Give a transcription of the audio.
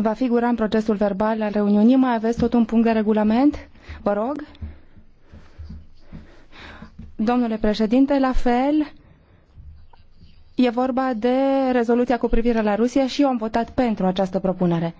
va figura în procesul verbal al reuniunii. Mai aveți tot un punct de regulament? Vă rog. Domnule președinte, la fel, e vorba de rezoluția cu privire la Rusia și eu am votat pentru această propunere.